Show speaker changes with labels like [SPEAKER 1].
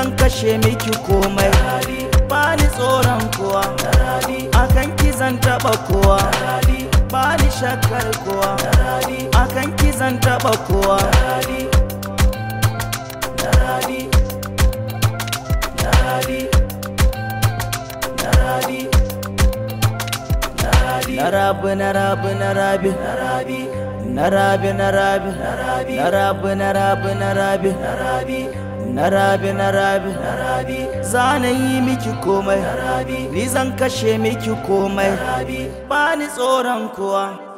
[SPEAKER 1] zan kashe miki komai bani tsoron kowa akan ki zan taba kowa shakkar ni shakar kowa akan ki zan taba kowa Na rabi, na rabi, na rabi, na rabi. narabi narabi narabi narabi narabi narabi narabi narabi narabi Rabi zana yi miki komai narabi ni zan kashe miki komai ba ni tsoron kowa